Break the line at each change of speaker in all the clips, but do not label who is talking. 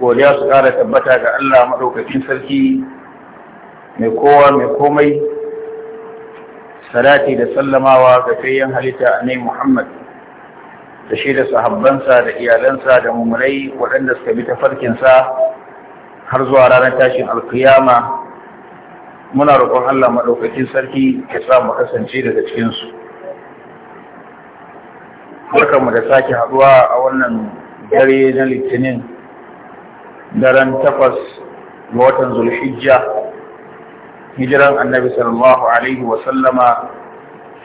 godiya su ƙara tabbata ga Allah maɗaukakin sarki mai kowa mai komai salati da sallamawa ga fayyan halitta a nai Muhammad da shi da sahabbansa da iyalansa da mummurai waɗanda suka bi tafarkinsa har zuwa ranar tashin alkiyama muna roƙon Allah maɗaukakin sarki ya sa mu kasance daga cikinsu. Barkanmu da sake haɗuwa a wannan dare na Litinin daren takwas ga watan zulhijja hijiran annabi sallallahu alaihi wa sallama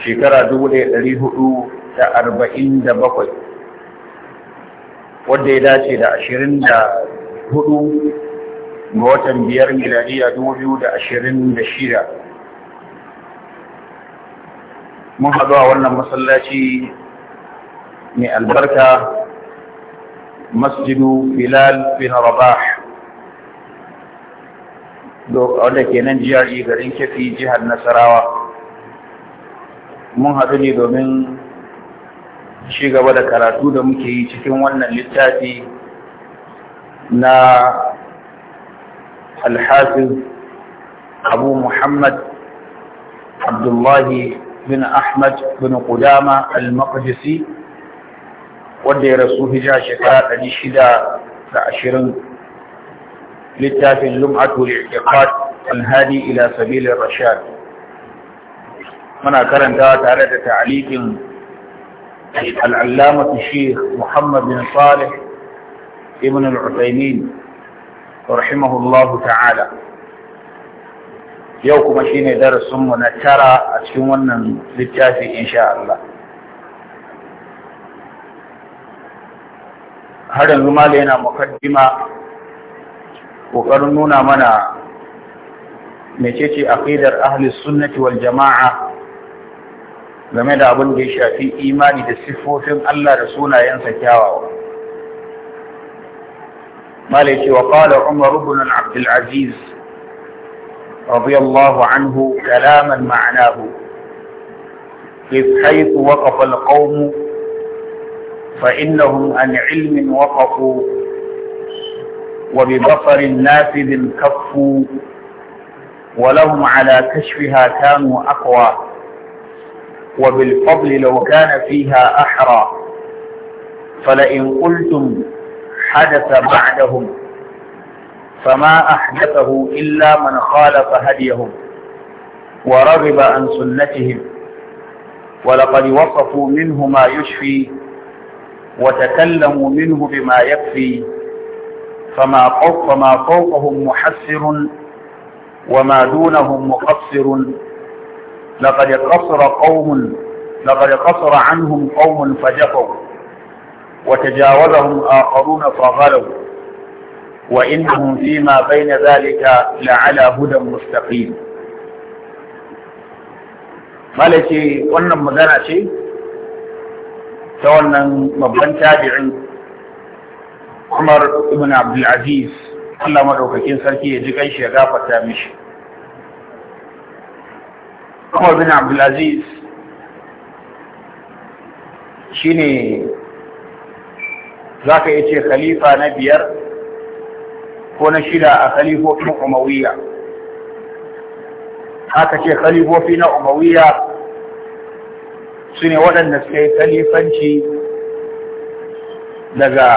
shekara dubu ɗaya ɗari hudu da arba'in da bakwai wadda ya dace da ashirin da hudu ga watan biyar miladiya dubu biyu da ashirin da shida mun haɗu a wannan masallaci mai albarka masjidu bilal bin rabah wanda kenan nan jihar e garin kefi jihar nasarawa mun haɗu ne domin ci da karatu da muke yi cikin wannan littafi na alhafiz abu muhammad abdullahi bin ahmad bin kudama al-maqdisi wanda ya rasu hijira shekara ɗari shida da ashirin littafin lum'atul i'tiqad alhadi ila sabilir rashad muna karantawa tare da ta'aliqin
al-allamah
shaykh Muhammad bin Salih ibn al-Uthaymeen rahimahullahu ta'ala yau kuma shine darasin mu na tara a cikin wannan littafi insha Allah har yanzu mala yana mukaddima kokarin nuna mana mecece aqidar ahli sunnati wal jama'a game da abin da ya shafi imani da siffofin Allah da sunayensa kyawawa mala ce wa qala umar ibn abd radiyallahu anhu kalaman ma'anahu حيث وقف القوم فإنهم عن علم وقفوا وببصر نافذ كفوا ولهم على كشفها كانوا أقوى وبالفضل لو كان فيها أحرى فلئن قلتم حدث بعدهم فما أحدثه إلا من خالف هديهم ورغب عن سنتهم ولقد وصفوا منه ما يشفي وتكلموا منه بما يكفي فما فما فوقهم محسر وما دونهم مقصر لقد قصر قوم لقد قصر عنهم قوم فجفوا وتجاوزهم آخرون فغلوا وإنهم فيما بين ذلك لعلى هدى مستقيم مالك قلنا magana شيء ta wannan babban tabi'in Umar ibn Abdul Aziz Allah madaukakin sarki ya ji kanshi ya gafarta mishi Umar bin Abdul Aziz shine zaka yace khalifa na biyar ko na shida a khalifofin Umayya aka ce khalifofi na Umayya su ne waɗanda suka yi kalifanci daga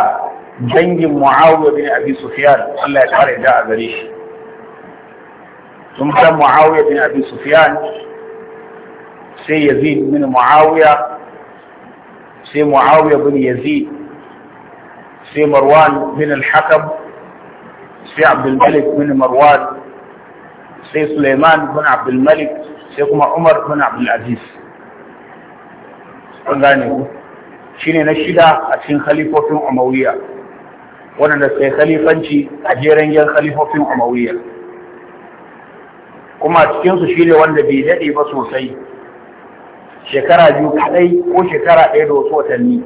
dangin Muawiya bin Abi Sufyan Allah ya kare da a gare shi sun san Muawiya bin Abi Sufyan sai Yazid bin Muawiya sai Muawiya bin Yazid sai Marwan bin Al-Hakam sai Abdul Malik bin Marwan sai Sulaiman bin Abdul Malik sai kuma Umar bin Abdul Aziz kun gane ku shine na shida a cikin khalifofin umayya waɗanda sai khalifanci a jeren yan khalifofin umayya kuma cikin su shine wanda bai dade ba sosai shekara biyu kadai ko shekara ɗaya da wasu watanni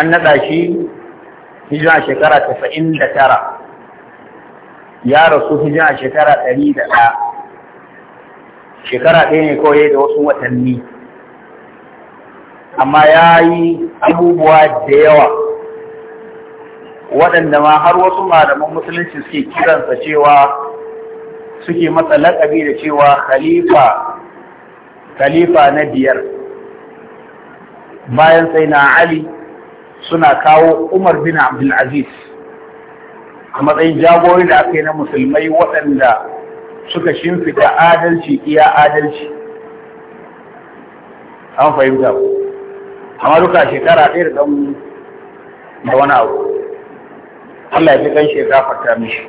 an naɗa shi hijira shekara tasa'in da tara ya rasu hijira shekara ɗari da ɗaya shekara ɗaya ne kawai da wasu watanni amma ya yi abubuwa da yawa waɗanda ma har wasu malaman musulunci suke kiransa cewa suke matsa laƙabi da cewa khalifa khalifa na biyar bayan sai na ali suna kawo umar bin abdulaziz a matsayin jagori da aka yi na musulmai waɗanda suka shimfida adalci iya adalci an fahimta ku amma duka shekara ɗaya da ɗan da wani abu Allah ya fi kan shekara fata mishi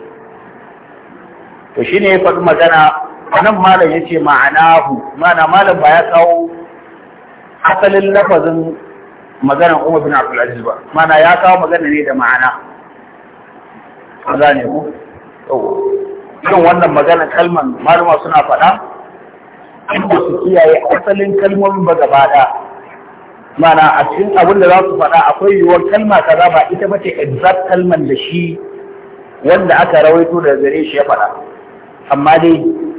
to shi ya faɗi magana nan malam ce ma'anahu ma'ana malam ba ya kawo asalin lafazin maganar Umar bin Abdul Aziz ba ma'ana ya kawo magana ne da ma'ana an gane ku irin wannan magana kalman maluma suna faɗa inda su kiyaye asalin kalmomin ba gaba ɗaya mana a cikin abin da za su faɗa akwai yiwuwar kalma kaza ba ita ba ce exact kalman da shi wanda aka rawaito da gare shi ya faɗa amma dai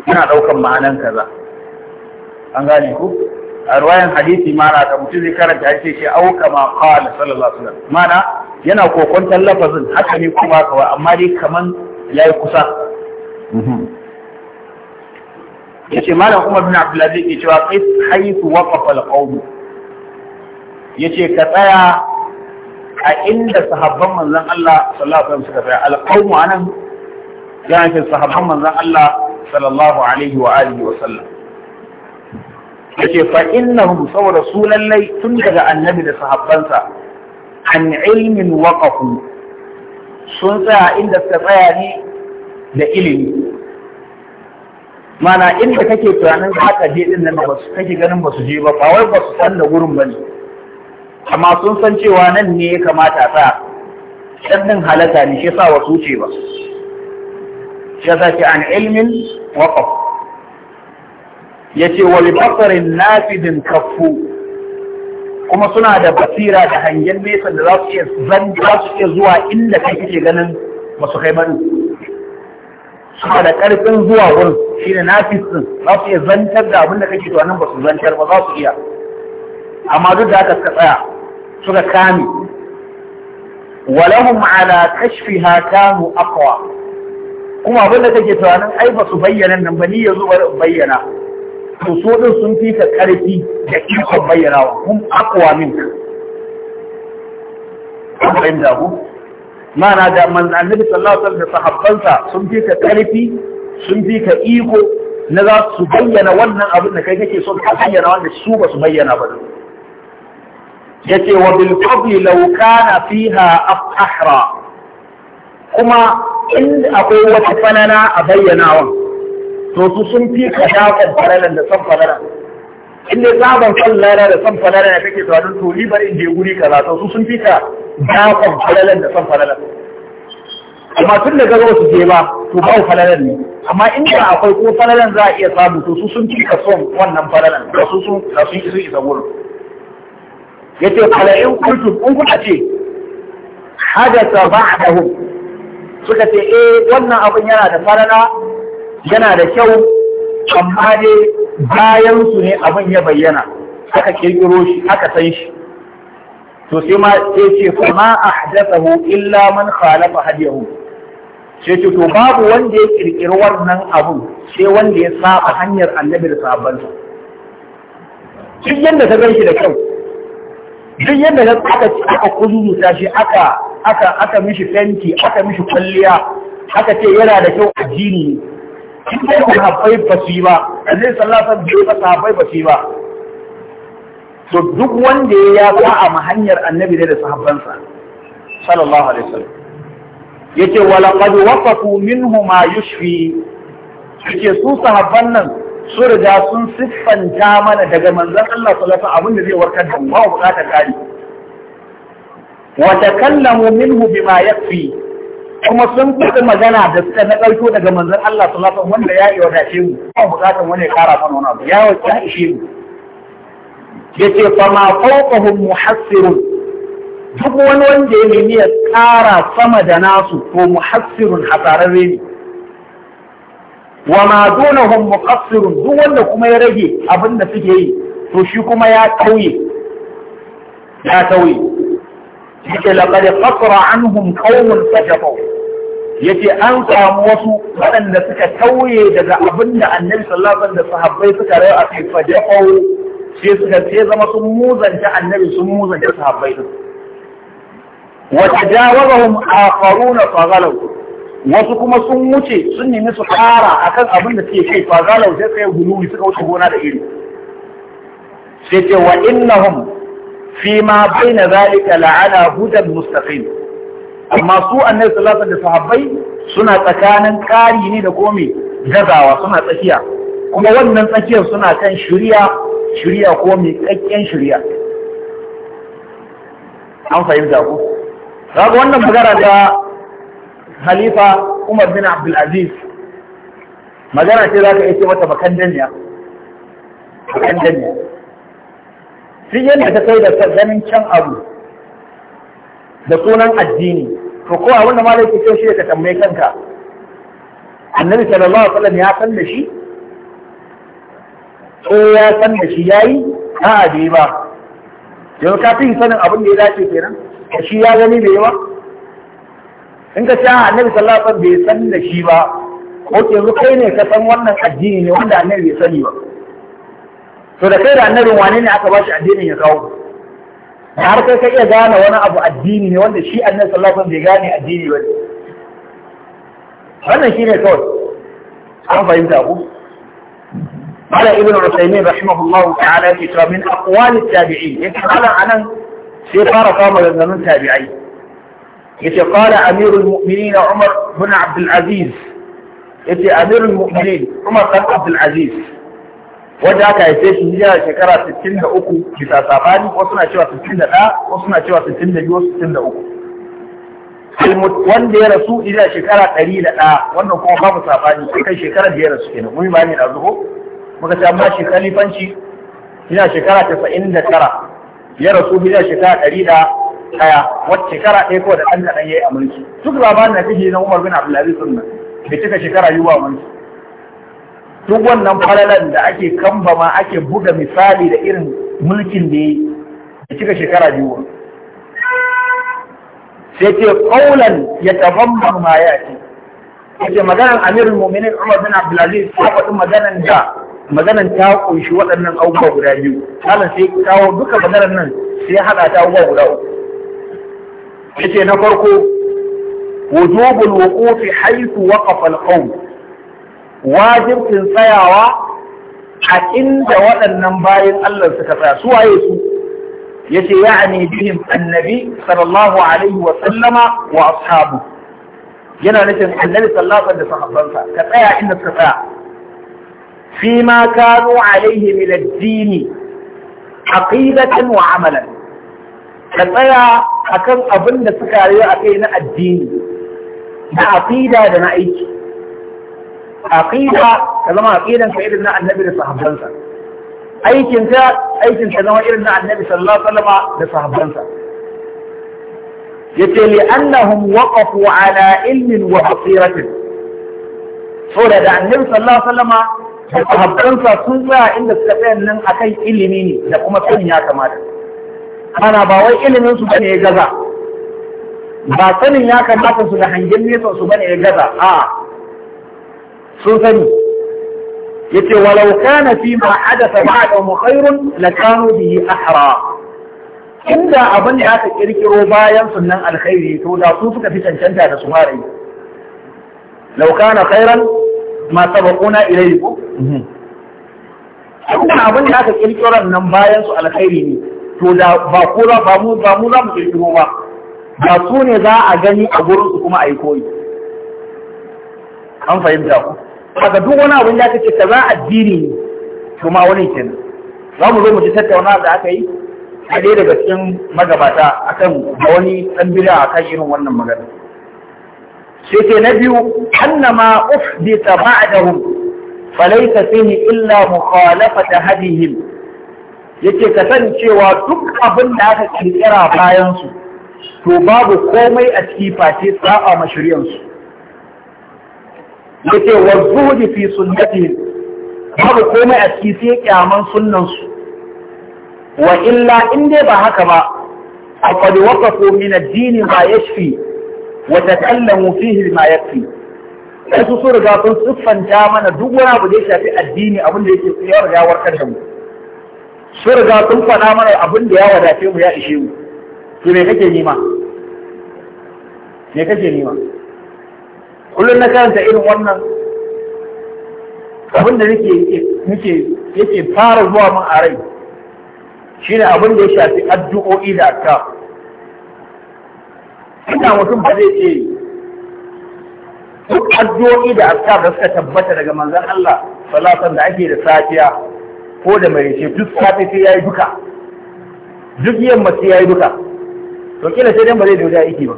ana ɗaukan ma'anan kaza an gane ku a ruwayan hadisi mana ta mutum zai karanta ya ce shi auka ma qala sallallahu alaihi wasallam mana yana kokwantar lafazin haka ne kuma kawai amma dai kaman ya yi kusa ce malam Umar bin zai ke cewa kai haifu waqafa al-qawm Ya ce ka tsaya a inda sahabban manzon Allah sallallahu alaihi wasallam suka tsaya alqawmu anan yana ce sahabban manzon Allah sallallahu alaihi wa alihi wa sallam yace fa innahum saboda su lallai tun daga annabi da sahabbansa an ilmin waqafu sun tsaya inda suka tsaya ne da ilimi mana inda kake tunanin haka je din nan ba su kake ganin ba su je ba ba wai ba su san da wurin ba ne. amma sun san cewa nan ne ya kamata sa can din halaka ne shi sa wa ce ba ya zace an ilmin waqaf yace wa li basarin nafidin kafu kuma suna da basira da hangen nesa da za su iya zan za su iya zuwa inda kai kake ganin masu kai bane suna da karfin zuwa wurin ne nafis din za su iya zantar da abin da kake tunanin ba su zantar ba za su iya amma duk da haka suka tsaya suka kame walahum ala kashfiha kanu aqwa kuma abin da kake tunanin ai ba su bayyana nan ba ni yanzu bari in bayyana to su din sun fi ka karfi da ikon bayyanawa kun aqwa min kan da ku mana da man annabi sallallahu alaihi wasallam da sahabbansa sun fi ka karfi sun fi ka iko na za su bayyana wannan abin da kai kake so ka bayyana wanda su ba su bayyana ba yace wa bil fadli law kana fiha afahra kuma in akwai wata falala a bayyanawan to su sun fi kadafan falalan da san falalan in dai sabon falala da san falala da kake tunanin to ni bari in je guri kaza to su sun fi ka dafan falalan da san falalan amma tun da gaba su je ba to ba falalan ne amma in da akwai ko falalan za a iya samu to su sun fi ka son wannan falalan da su sun isa gurin yace ala in kuntum in kuka ce a ba'dahum suka ce eh wannan abin yana da farana yana da kyau amma dai bayan su ne abin ya bayyana aka kirkiro shi aka san shi to sai ma sai ce fa ma ahdathahu illa man khalafa hadiyahu sai ce to babu wanda ya kirkiri wannan abu sai wanda ya saba hanyar annabi da sahabbansa duk yadda ta gan shi da kyau duk yadda da aka ci aka kuzuzuta shi aka aka aka mishi fenti aka mishi kwalliya aka ce yana da kyau a jini, in dai ba haɓai ba su yi ba annabi sallallahu alaihi wasallam bai ba haɓai ba su yi ba to duk wanda ya ya a mahanyar annabi ne da sahabbansa sallallahu alaihi wasallam yace wa laqad wafaqu min ma yushfi yace su sahabban nan su riga sun siffanta mana daga manzon Allah sallallahu alaihi abin da zai warkar da mu ba bukatar kari wa takallamu minhu bima yakfi kuma sun faɗi magana da suka na ɗauko daga manzon Allah sallallahu alaihi wanda ya yi wadace mu ba bukatar wani ya kara mana wani abu ya wata ishe mu yace fa ma fawqahum muhassirun duk wani wanda ya nemi ya kara sama da nasu ko muhassirun hasararre ne wa ma dunahum muqassirun duk wanda kuma ya rage abin da suke yi to shi kuma ya tauye ya tauye yake laqad qasara anhum qawmun fajafu yace an samu wasu waɗanda suka tauye daga abin da annabi sallallahu alaihi wasallam da sahabbai suka rayu a kai fajafu sai suka sai zama sun muzanta annabi sun muzanta sahabbai din wa tajawazahum akharuna faghalaw wasu kuma sun wuce sun nemi su ƙara akan abin da suke kai fa zalau sai suka suka wuce gona da iri sai ce wa innahum fi ma baina zalika la'ala hudan mustaqim amma su annabi sallallahu alaihi da sahabbai suna tsakanin ƙari ne da komai gazawa suna tsakiya kuma wannan tsakiyar suna kan shirya shirya ko mai kakken shirya an fahimta ku kaga wannan magana da halifa Umar bin Abdul Aziz magana ce zaka ka iya bakan danya? bakandaniya bakandaniya shi yadda ta kai da ganin can abu da sunan addini to ko abin da malai ke shi ka tambaye kanka annabi sallallahu alaihi wasallam ya san da shi ko ya san da shi yayi a'a bai ba yau ka fi sanin abin da ya dace kenan shi ya gani bai yi ba in ka sha ah, annabi sallallahu alaihi bai san da shi ba ko yanzu kai ne ka san wannan addini ne wanda annabi bai sani ba to da kai da annabin wane ne aka bashi addinin ya kawo da har kai ka iya gane wani abu addini ne wanda shi annabi sallallahu alaihi bai gane addini ba wannan shine kawai an fahimta ku قال ابن عثيمين رحمه الله تعالى من أقوال التابعين يتحدث عن سيطرة من التابعين yace qala amirul mu'minin umar bin abdul aziz yace amirul mu'minin umar bin abdul aziz wanda aka haife shi hijira shekara 63 bisa safani, ko suna cewa 61 ko suna cewa 62 63 wanda ya rasu hijira shekara 101 wannan kuma babu sai kai shekara da ya rasu kenan mun bani da zuho muka ce amma shi khalifanci hijira shekara 99 ya rasu hijira shekara daya wata shekara ɗaya ko da ɗan kaɗan ya yi a mulki duk labarin da kake na Umar bin Abdulaziz sun nan bai cika shekara yi wa mulki duk wannan falalan da ake kambama ake buga misali da irin mulkin da yi bai cika shekara biyu wa sai ce qaulan yatabamman ma ce ce maganar Amirul Mu'minin Umar bin Abdulaziz ya faɗi maganar da maganan ta kunshi waɗannan abubuwa guda biyu. Malam sai kawo duka maganar nan sai haɗa ta abubuwa guda uku. yace na farko wujubul wuqufi haythu waqafa al-qawm wajibin tsayawa a inda waɗannan bayan Allah suka tsaya su waye su yace ya'ni bihim annabi sallallahu alaihi wa sallama wa ashabu yana nufin annabi sallallahu alaihi da sahabbansa ka tsaya inda suka tsaya fi ma kanu alaihi min ad-dini aqidatan wa amalan ka tsaya a kan abin da suka rayu a kai na addini na aƙida da na aiki Aƙida, ka zama aqidan ka irin na annabi da sahabbansa aikin ka aikin ka zama irin na annabi sallallahu alaihi wasallam da sahabbansa yace li annahum waqafu ala ilmin wa basiratin saboda da annabi sallallahu alaihi wasallam da sahabbansa sun tsaya inda suka tsaya nan akan ilimi ne da kuma sanin ya kamata ana ba wai ilimin su bane ya gaza ba sanin ya kamata su da hangen nesa su bane ya gaza a sun sani yace walau kana fi ma hadatha ba'da khairun lakanu bihi ahra inda abin da aka kirkiro bayan sunan alkhairi to da su suka fi cancanta da su mara yi lau kana khairan ma sabaquna ilayhi mhm. inda abin da aka kirkiro nan bayan su alkhairi ne to da ba ko za ba mu ba mu za mu kirkiro ba ba su ne za a gani a gurin su kuma a yi koyi an fahimta ku kaga duk wani abin da aka ta za addini ne to ma wani kenan za mu zo mu ji tattauna da aka yi a ɗaya daga cikin magabata akan da wani ɗan bida a irin wannan magana sai ke na biyu annama ufdita ba'dahum falaysa fihi illa mukhalafata hadihim yake kasancewa duk abin da aka kirkira bayan su to babu komai a ciki face sa'a ma su yake wa zuhudi fi sunnati babu komai a ciki sai kyaman sunnan su wa illa in dai ba haka ba faqad waqafu min ad-din ma yashfi wa takallamu fihi ma yakfi sai su sun riga sun siffanta mana duk wani abu da ya shafi addini abin da yake ya da warkar da mu sun riga sun faɗa mana abin da ya wadace mu ya ishe mu to me kake nima me kake nima kullum na karanta irin wannan abin da nake nake yake fara zuwa min a rai shine abin da ya shafi addu'o'i da akka ina mutum ba zai ce duk addu'o'i da aka da suka tabbata daga manzon Allah salatan da ake da safiya ko da mai ce duk safe sai ya yi duka duk yamma sai ya yi duka to kila sai dan ba zai da wuta aiki ba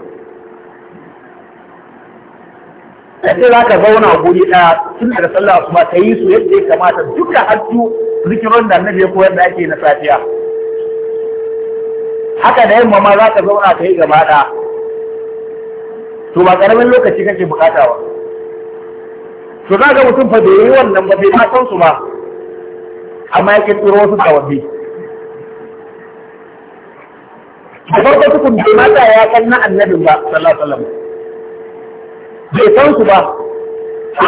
sai za ka zauna a guri ɗaya tun da sallah kuma ta yi su yadda ya kamata duka hajju zikirin da annabi ya koyar da ake na safiya haka da yamma ma za ka zauna ka yi gaba ɗaya to ba ƙaramin lokaci kake bukata ba to za ga mutum fa bai yi wannan ba bai ma san su ba amma ya kirkiro wasu sababbi da farko tukun bai mata ya kan na annabin ba sallallahu alaihi wasallam bai san su ba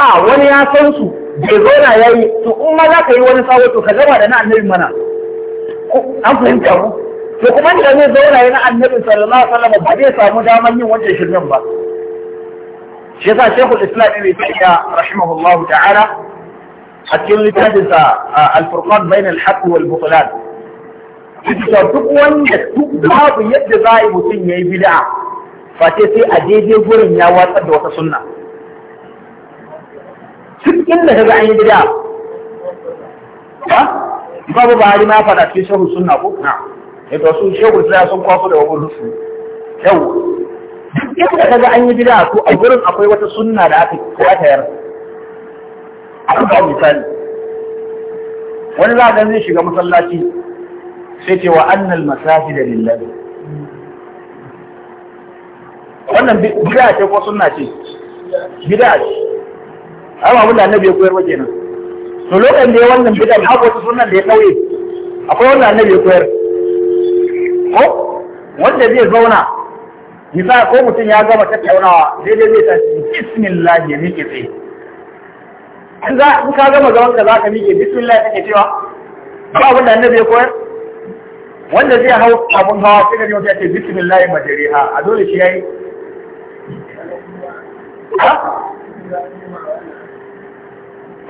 a wani ya san su bai zo na yayi to in ma za ka yi wani sawo to ka zama da na annabin mana an fahimta mu to kuma da zai zauna na annabin sallallahu alaihi wasallam ba zai samu daman yin wancan shirin ba shi yasa shekul islam ibn tayyiba rahimahullahu ta'ala a cikin littafin sa al-furqan bain al-haqq wal butlan cewa duk wanda duk babu yadda za a yi mutum ya yi bid'a face sai a daidai gurin ya watsar da wata sunna duk inda kaga an yi bid'a babu Buhari ma faɗa cikin shehu sunna ko na ita su shehu suna sun kwaso da wani rufu yau duk inda kaga an yi bid'a ko a gurin akwai wata sunna da aka koyar an ba misali wani za a zai shiga masallaci sai ce wa annal masafi da lillahi wannan bid'a ce ko sunna ce bid'a ce amma abin da annabi ya koyar wake kenan to lokacin da ya wannan bid'a har wata sunnan da ya kauye akwai wannan annabi ya koyar ko wanda zai zauna misali ko mutum ya gama tattaunawa daidai zai tashi bismillah ya miƙe tsaye in za in ka gama zaman ka za ka miƙe bismillah kake cewa ba abin da annabi ya koyar wanda zai hau abun hawa sai ka ji wata ce bismillah majriha a dole shi yayi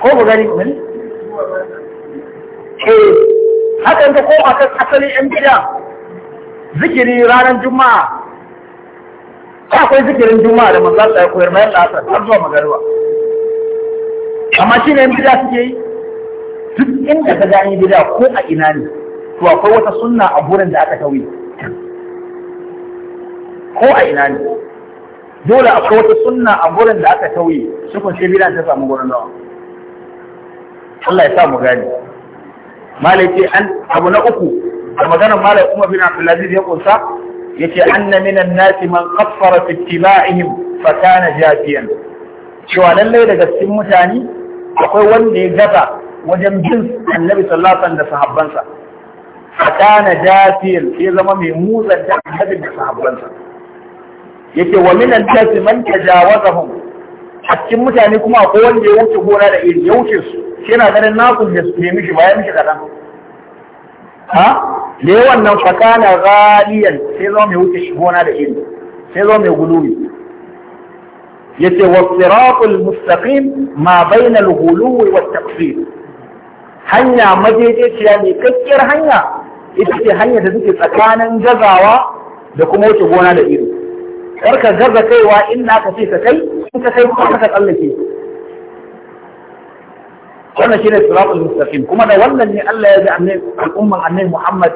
ko ku gani mun eh hakan ka koma kan asali yan bid'a zikiri ranar juma'a akwai zikirin juma'a da manzo Allah ya koyar bayan la'asar har zuwa magariba amma shi ne bida suke yi duk inda ka gani bida ko a ina ne to akwai wata sunna a gurin da aka tauye ko a ina ne dole akwai wata sunna a gurin da aka tauye shi kun sai bida ta samu gurin nawa
Allah ya sa mu gani
malai ce an abu na uku a maganar malai Umar bin Abdulaziz ya kunsa yace anna minan nasi man qaffara fi ittiba'ihim fa kana jafiyan cewa lallai daga cikin mutane akwai wanda ya gata wajen bin annabi sallallahu da sahabbansa fakana dafil ya zama mai mutsa da annabi da sahabbansa yake wa minan dafil man tajawazahum a cikin mutane kuma akwai wanda ya wuce gona da iri ya wuce su shi yana ganin nakun da su nemi ba ya mishi kadan ha da yawan nan fakana ghaliyan sai zama mai wuce gona da iri sai zama mai gulubi يسوى الصراط المستقيم ما بين الغلو والتقصير هنيا مجيجيش يعني كثير هنيا إذا هنيا تذكي فكان جزاوا لكم وتبونا لئيرو أركا جزا كي وإنا كثيسة كي إنك كي محفظة الله كي وانا شيني الصراط المستقيم كما دا ولا أني ألا يجي أمني الأمة أني محمد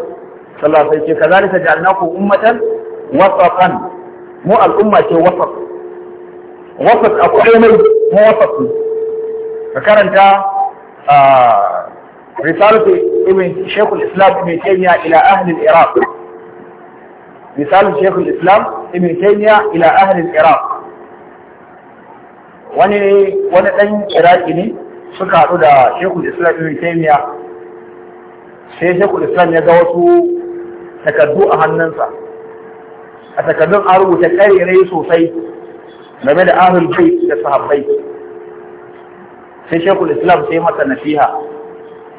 صلى الله عليه وسلم كذلك جعلناكم أمة وسطا مو الأمة شو وسط wasat a komai mu wasat ne ka karanta risalatu ibn shaykhul islam ibn taymiya ila ahli al-iraq risalatu shaykhul islam ibn taymiya ila ahli al-iraq wani wani dan iraki ne suka haɗu da shaykhul islam ibn taymiya sai shaykhul islam ya ga wasu takaddu a hannunsa a takaddun an rubuta ƙarirai sosai game da ahlul bait da sahabbai sai shekul islam sai masa nasiha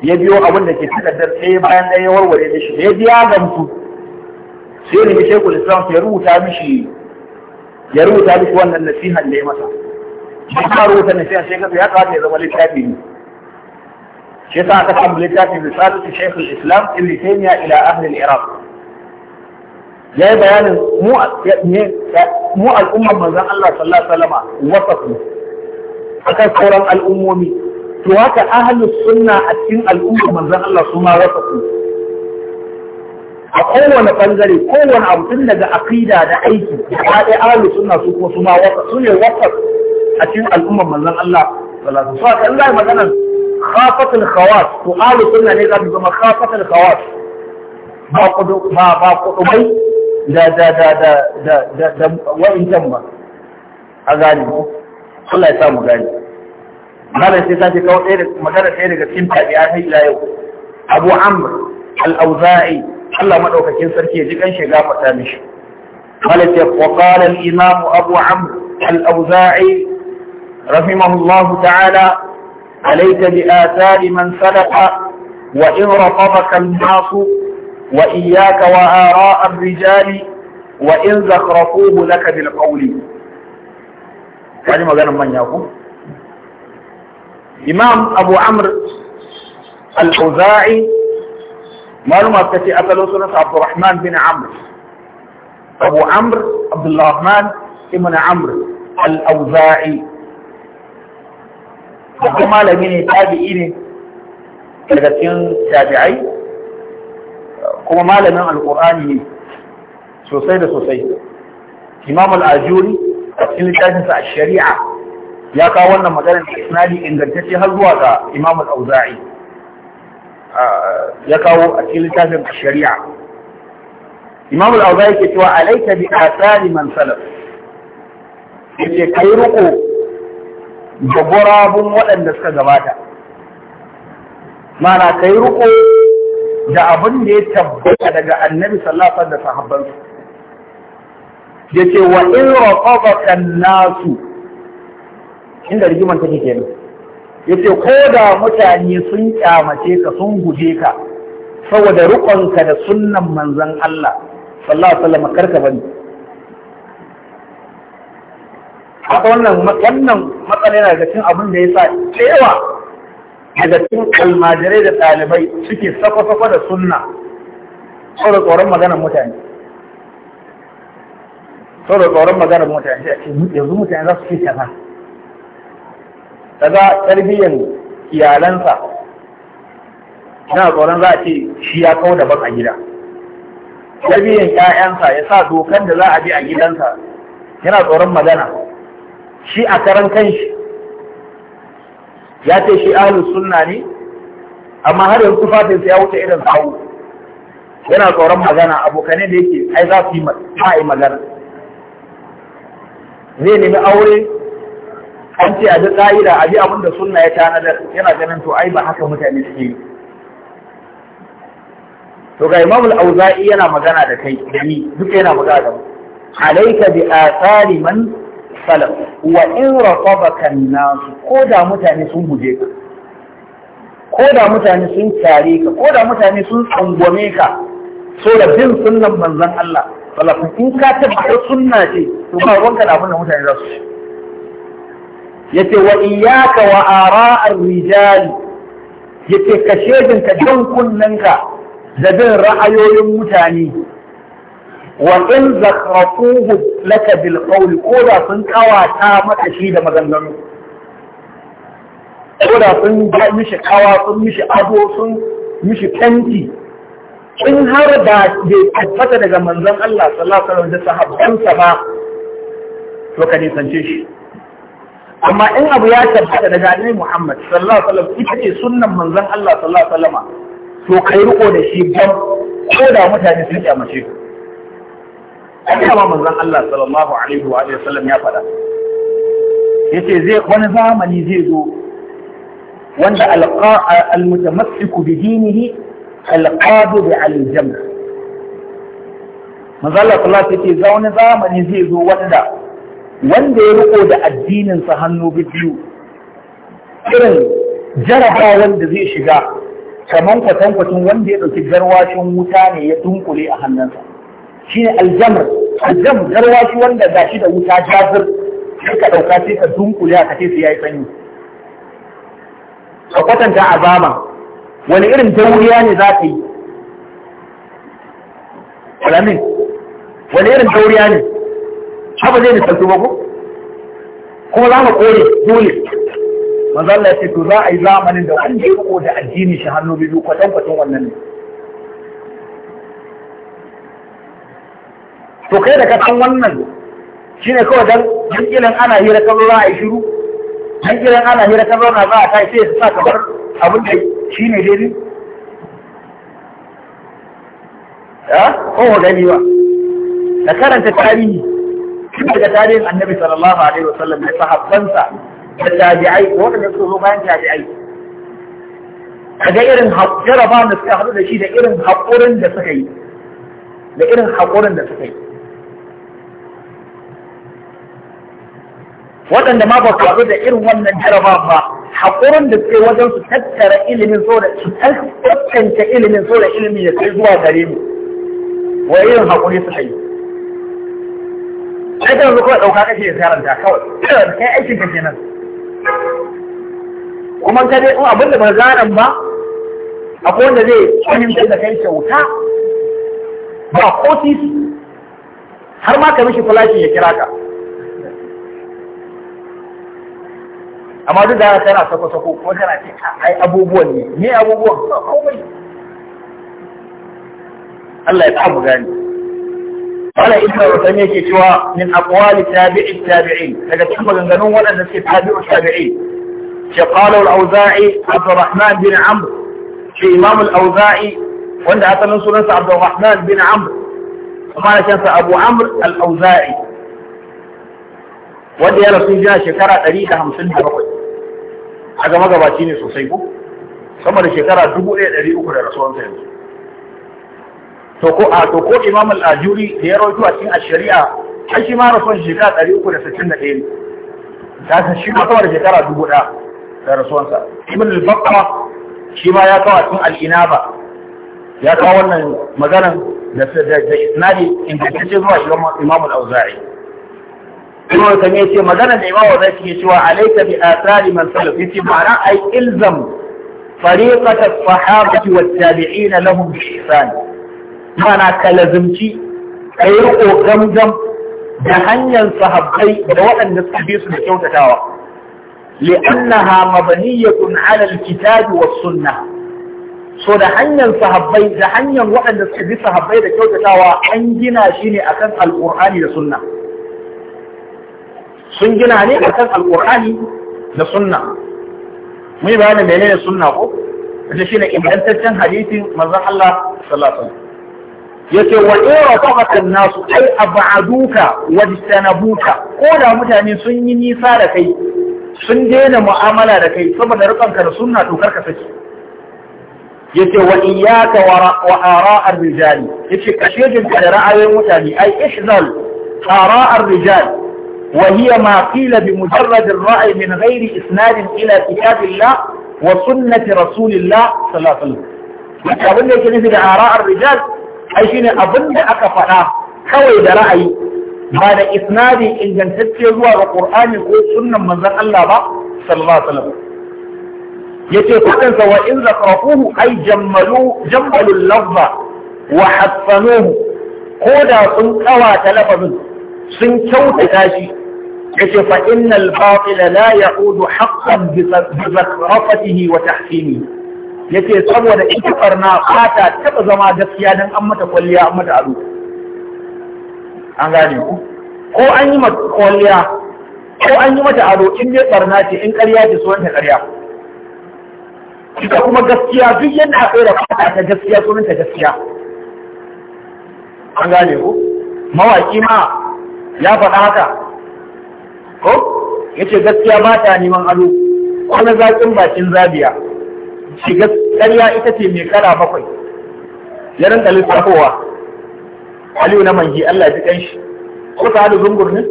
ya biyo abin da ke takardar sai bayan ɗaya ya warware da shi Sai biya gamsu sai ne shekul islam sai rubuta mishi ya rubuta mishi wannan nasihan da ya masa shi ka rubuta nasiha sai kasa ya kamata ya zama littafi ne shi yasa aka samu littafi risalatu shekul islam ibn taymiya ila ahli iraq ya yi bayanin mu al'umman manzan Allah sallallahu alaihi wasallama wasafu akan sauran al'ummomi to haka ahlus sunna a cikin al'ummar manzan Allah su ma wasafu a kowane bangare kowane abu tun daga aqida da aiki ba dai ahlus sunna su kuma su ma wasafu su ne wasafu a cikin al'umman manzan Allah sallallahu alaihi wasallam sai magana khafatul khawas to ahlus sunna ne za su zama khafatul khawas ba ku ba ba bai da da da da da da da wa'in can ba a gani Allah ya sa mu gani malam sai sake kawo ɗaya daga magana ɗaya daga cikin tabi'a ta ila yau Abu Amr al-Auza'i Allah madaukakin sarki ya ji kan shiga fata mishi malam ya qala al-Imam Abu Amr al-Auza'i rahimahullahu ta'ala alayka bi athari man بآثار wa in وإن al الناس وإياك وآراء الرجال وإن زخرفوه لك بالقول يعني ما قال من يقول إمام أبو عمرو الحذاعي ما لما تتي أتلو عبد الرحمن بن عمرو أبو عمرو عبد الرحمن بن عمرو الأوزاعي وكما لمن تابعين لكن تابعين kuma malamin alƙur'ani ne sosai da sosai imam al'ajuri a cikin littafinsa a shari'a ya kawo wannan maganar da isnadi ingantacce har zuwa ga imam al'auza'i ya kawo a cikin littafin a shari'a imam al'auza'i ke cewa alaika bi a tsari man salaf yace kai riko da gurabun waɗanda suka gabata mana kai riko da abin da ya tabbata daga annabi sallallahu da sahabbansu ya ce wa in raqabaka nasu inda rigiman take kenan ya ce ko da mutane sun kyamace ka sun guje ka saboda rukonka da sunnan manzan Allah sallallahu alaihi wasallam karka bane haka wannan wannan matsala yana daga cikin abin da ya sa cewa daga cikin almajirai da ɗalibai suke sakwa-sakwa da sunna sau da tsoron maganar mutane sau da tsoron maganar mutane a ce yanzu mutane za su ce kaza kaga tarbiyyar iyalansa yana tsoron za a ce shi ya kawo daban a gida tarbiyyar ƴaƴansa ya sa dokan da za a bi a gidansa yana tsoron magana shi a karan kanshi ya ce shi ahalus sunna ne amma har yanzu sai ya wuce irin sau yana tsoron magana abokane da yake ai za su yi magana zai nemi aure an ce a ji ƙa'ida a ji abin da sunna ya tanadar yana ganin to ai ba haka mutane suke yi to ga imam al-auza'i yana magana da kai da ni duka yana magana da mu alayka bi athari man salaf wa in raqabaka an ko da mutane sun guje ka ko da mutane sun tare ka ko da mutane sun tsangwame ka so da bin sunnan manzon Allah sallallahu in ka tabbata sunna ce to ba ruwanka da abin da mutane za su yace wa iyyaka wa ara'ar rijal yace ka shedin ka dan kunnanka da bin ra'ayoyin mutane wa in zakhrafuhu laka bil qawli ko da sun kawata maka shi da maganganu ko da sun ba mishi kawa sun mishi ado sun mishi kanti in har da bai tabbata daga manzon Allah sallallahu alaihi wasallam da sahabbansa ba to ka nisance shi amma in abu ya tabbata daga annabi Muhammad sallallahu alaihi wasallam ita ce sunnan manzon Allah sallallahu alaihi wasallam
to kai riko da shi gam
ko da mutane sun kyamace ka an yawa manzon Allah sallallahu alaihi wa sallam ya faɗa yace zai wani zamani zai zo wanda alqa almutamassiku bi dinihi alqabid al jam manzon Allah sallallahu alaihi wa wani zamani zai zo wanda wanda ya riko da addinin sa hannu biyu irin jaraba da zai shiga kaman kwatankwacin wanda ya ɗauki garwashin wuta ne ya dunkule a hannunsa shine aljamr aljamr garwashi wanda gashi da wuta jazir sai ka dauka sai ka dunkule a ce sai yayi sanyi ka kwatanta azama wani irin tauriya ne za ka yi alamin wani irin tauriya ne Haba zai nisantu ba ko
kuma za mu kore dole
manzo Allah ya ce to za a yi zamanin da wanda ya da addini shi hannu biyu kwatankwatan wannan ne to kai da ka san wannan shine kawai don hankilin ana hira kan za a yi shiru Hankilin ana hira kan rana za a kai sai su sa kamar abin da shi ne daidai ya kowa gani ba da karanta tarihi tun daga tarihin annabi sallallahu alaihi wasallam da sahabbansa da tabi'ai ko wanda su zo bayan tabi'ai kaga irin jaraba da suka haɗu da shi da irin haƙurin da suka yi da irin haƙurin da suka yi waɗanda ma ba su da irin wannan jaraba ba haƙurin da suke wajen su tattara ilimin so da su ilimin so da ilimin ya kai zuwa gare mu wa irin haƙuri suka yi ai kan zuwa ɗauka kake ya karanta kawai kai aikin ka kenan kuma ka dai abin da ba zaran ba akwai wanda zai fahimtar da kai kyauta ba ko har ma ka mishi fulashi ya kira ka amma duk da haka tana sako sako kuma tana ce ai abubuwan ne ne abubuwan ba komai Allah ya tsamu gani wala ibnu rutan yake cewa min aqwali tabi'i tabi'in daga cikin maganganun waɗanda suke tabi'u tabi'i ce qala al-auza'i abdurrahman bin amr ce imam al-auza'i wanda asalin sunansa abdurrahman bin amr kuma na kansa abu amr al-auza'i wanda ya rasu jiya shekara ɗari da hamsin da bakwai a gama gabaci ne sosai ko sama da shekara dubu ɗaya ɗari uku da rasuwansa yanzu to ko a to ko imam al-ajuri da ya rawaito a cikin shari'a ai shi ma rasuwan shekara ɗari uku da sittin da ɗaya ne ta san shi ma sama da shekara dubu ɗaya da rasuwansa ibn al-baqara shi ma ya kawo a cikin al-inaba ya kawo wannan maganan da da isnadi ingantacce zuwa imam al-auza'i Ibn Taymiyyah yace magana da Imam zai ke cewa alayka bi athari man salaf yace ma'ana ai ilzam fariqat as-sahabati wat-tabi'in lahum bi ihsan mana ka lazimci kai riko gamgam da hanyar sahabbai da waɗanda suka bi su da kyautatawa لأنها مبنية على الكتاب والسنة so da hanyar sahabbai da hanyar waɗanda suka bi sahabbai da kyautatawa an gina shi ne akan alƙur'ani da sunna sun gina ne a kan alƙur'ani da sunna mun yi bayanin menene sunna ko wanda shine ingantaccen hadisin manzon Allah sallallahu alaihi wasallam yake wa ira tabaka nasu ai ab'aduka wa istanabuka ko da mutane sun yi nisa da kai sun daina mu'amala da kai saboda rukanka da sunna to karka saki yace wa iyyaka wa ara'a ar-rijali yace kashe jinka da ra'ayoyin mutane ai ihdal ara'a ar-rijali وهي ما قيل بمجرد الرأي من غير إسناد إلى كتاب الله وسنة رسول الله صلى الله عليه وسلم يعني أظن يكون في آراء الرجال أي شيء أظن أكا فأه كوي درأي بعد إسناد إن جنت تسيروا القران يقول سنة من ذن الله با صلى الله عليه وسلم يتفقن سواء إن ذكرفوه أي جملوا جملوا اللفظ وحفنوه قودا سنكوا تلفظه sun kyautata shi ce fa innal batila la ya'udu haqqan bi zakrafatihi wa tahsini yace saboda ita barna fata taba zama gaskiya dan an mata kwalliya an mata ado an gane ku ko an yi mata kwalliya ko an yi mata ado in dai barna ce in ƙarya ce sunan ta ƙarya ita kuma gaskiya duk yadda a kai da fata ta gaskiya sunan ta gaskiya an gane ku mawaki ma ya faɗa haka ko ya ce gaskiya ba ta neman ado wani zaƙin bakin zabiya shi gaskiya ita ce mai kala bakwai ya rinka littafowa aliyu na mangi Allah ji shi. ko sa'adu zungur ne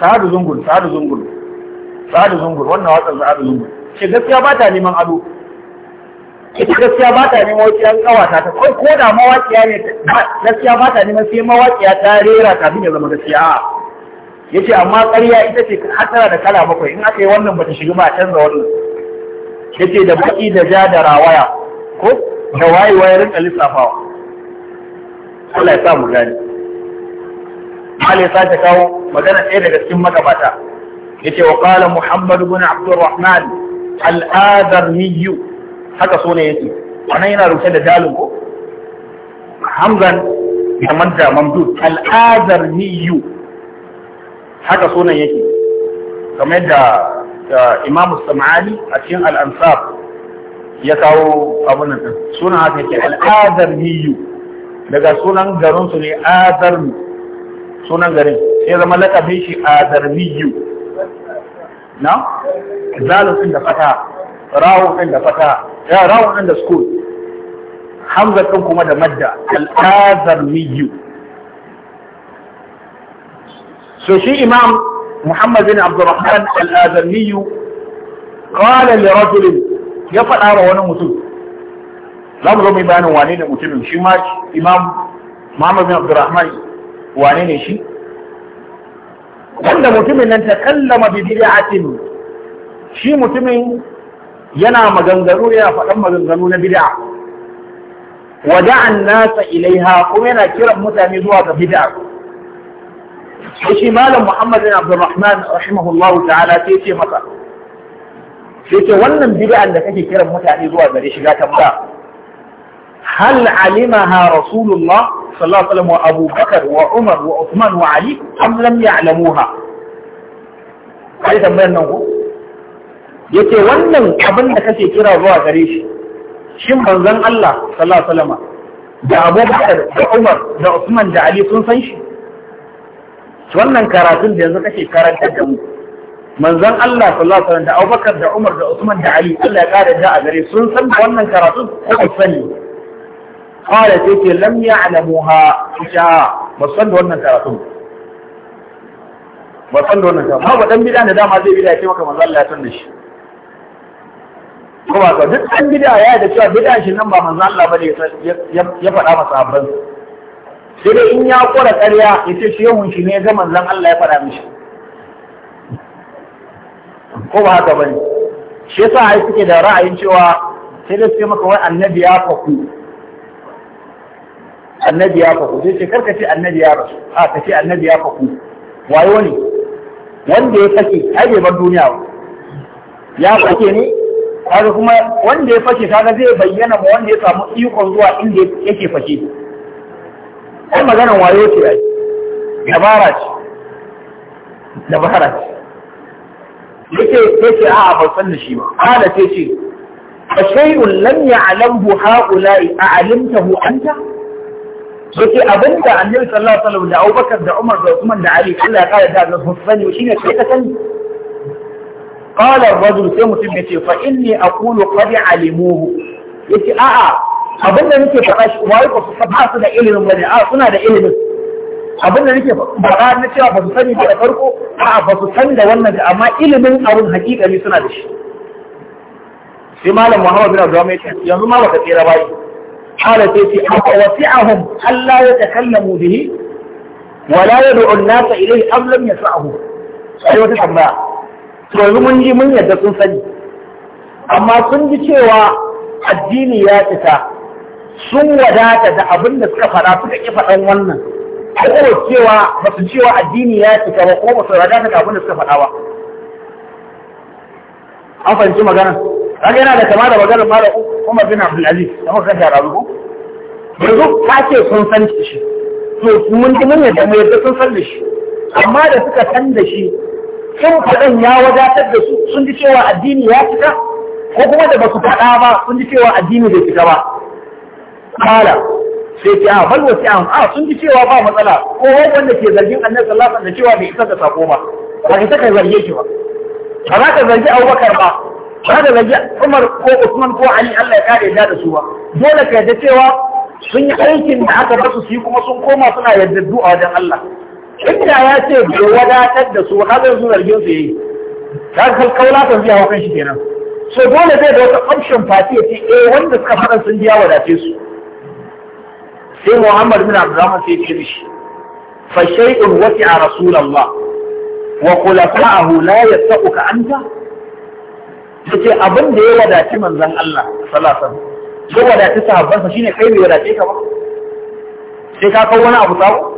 sa'adu zungur sa'adu zungur sa'adu zungur wannan watsan sa'adu zungur shi gaskiya ba ta neman ado ita gaskiya ba ta neman wata yan kawata ta ko ko da mawaƙiya ne gaskiya ba ta neman sai mawaƙiya ta rera kafin ya zama gaskiya Ya ce amma ƙarya ita ce hasara da kala bakwai in aka yi wannan ta shiga ba canza wannan Ya ce da baƙi da ja da rawaya ko da waye waye rinka lissafawa Allah ya sa mu gani Ali ya sace kawo magana ɗaya daga cikin magabata Ya ce wa qala Muhammad ibn Abdurrahman al-Adarmiyyu haka so ne yake wannan yana rufe da dalin ko hamzan kamar da mamdud al'azar niyu haka sunan yake kamar da imamu sam'ani a cikin al'ansar ya kawo abunan. nan sunan haka yake al'azar niyu daga sunan garin su ne azar sunan garin sai zama lakabin shi azar niyu na zalusin da fata rawun ɗin da fata ya rawun ɗin da school hamza ɗin kuma da madda al'azar miyu so shi imam muhammad bin abdurrahman al'azar miyu qala li rajulin ya faɗa wa wani mutum za mu zo mai bayanin wane ne mutumin shi ma imam muhammad bin abdurrahman wane ne shi wanda mutumin nan ta kallama bi bid'atin shi mutumin yana maganganu yana faɗan maganganu na bid'a wa da'an nasa ilaiha kuma yana kiran mutane zuwa ga bid'a sai shi malam Muhammad bin Abdurrahman rahimahullahu ta'ala sai ce masa sai ce wannan bid'an da kake kiran mutane zuwa gare shiga tambaya hal alimaha rasulullah sallallahu alaihi wasallam wa Abubakar wa Umar wa Usman wa Ali am lam ya'lamuha kai tambayar nan ko yace wannan abin da kake kira zuwa gare shi shin manzon Allah sallallahu alaihi wasallam da Abubakar da Umar da Usman da Ali sun san shi wannan karatun da yanzu kake karantar da mu manzon Allah sallallahu alaihi wasallam da Abubakar da Umar da Usman da Ali Allah ya kare da a gare sun san wannan karatun ko sani qala take lam ya'lamuha isha musan da wannan karatun ba san da wannan karatun ba dan bid'a da dama zai bid'a ce maka manzon Allah ya san da shi ko ba duk an gida ya da cewa bid'a shi nan ba manzo Allah bane ya faɗa masa abban sai dai in ya kora ƙarya ya ce shi yawun shi ne ga manzon Allah ya faɗa mishi ko ba haka bane shi yasa ai suke da ra'ayin cewa sai dai suke maka wai annabi ya faku annabi ya faku sai ce karka ce annabi ya rasu a ka ce annabi ya faku wayo ne wanda ya sake ai bai bar duniya ba ya sake ne kaga kuma wanda ya fashe kaga zai bayyana ma wanda ya samu ikon zuwa inda yake fashe ai maganan wayo ce ai dabara ce dabara ce yake yake a a ban da shi ba ala ce ce fa shay'un lam ya'lamhu ha'ula'i a'alimtahu anta yake abinda annabi sallallahu alaihi wasallam da Abubakar da Umar da Usman da Ali Allah ya kare da su sani shine kai ka sani qala ar-rajul sai mutum yace fa inni aqulu qad alimuhu yace a'a abin da nake faɗa shi wai ba su ba su da ilimin bane a suna da ilimin abin da nake faɗa na cewa ba su sani da farko a'a ba su san da wannan da amma ilimin abin hakikani suna da shi sai malam Muhammad bin Abdullah mai yanzu ma baka tsira bai hala sai ce aka wasi'ahum Allah ya takallamu bihi wala yad'u an-nasa ilayhi am lam yas'ahu sai wata tambaya to yanzu mun ji mun yadda sun sani amma sun ji cewa addini ya fita sun wadata da abin da suka fara suka ƙi faɗan wannan a cewa ba su cewa addini ya fita ba ko ba su wadata da abin da suka faɗa ba an fahimci magana kaga yana da kama da maganar malam kuma bin Abdulaziz da muka kashe rabu ko yanzu ka ce sun san shi to mun ji mun yadda mu yadda sun san da shi amma da suka san da shi sun faɗan ya wadatar da su sun ji cewa addini ya cika ko kuma da basu faɗa ba sun ji cewa addini bai cika ba kala sai ce a ah, bal wasi an ah, a sun ji cewa ba matsala ko wanda ke zargin annabi sallallahu alaihi wasallam cewa bai isa da sako ba ba ita ka zarge shi ba ba za ka zargi Abubakar ba ba za ka zargi Umar ko Usman ko Ali Allah ya kare da su ba dole ka yarda cewa sun yi aikin da aka basu su yi kuma sun koma suna yarda du'a wajen Allah inda ya ce bai wadatar da su har yanzu zargin su yi. Ta ga kaula kan biya kan shi kenan so dole zai da wata option party ya ce eh wanda suka faɗa sun biya wadace su sai Muhammad bin Abdurrahman sai ce mishi fa shay'un wasi'a rasulullah wa khulafa'ahu la yattaqu anta yace abin da ya wadaci manzon Allah sallallahu alaihi wasallam ya wadaci sahabbansa shine kai bai wadace ka ba sai ka kawo wani abu sabo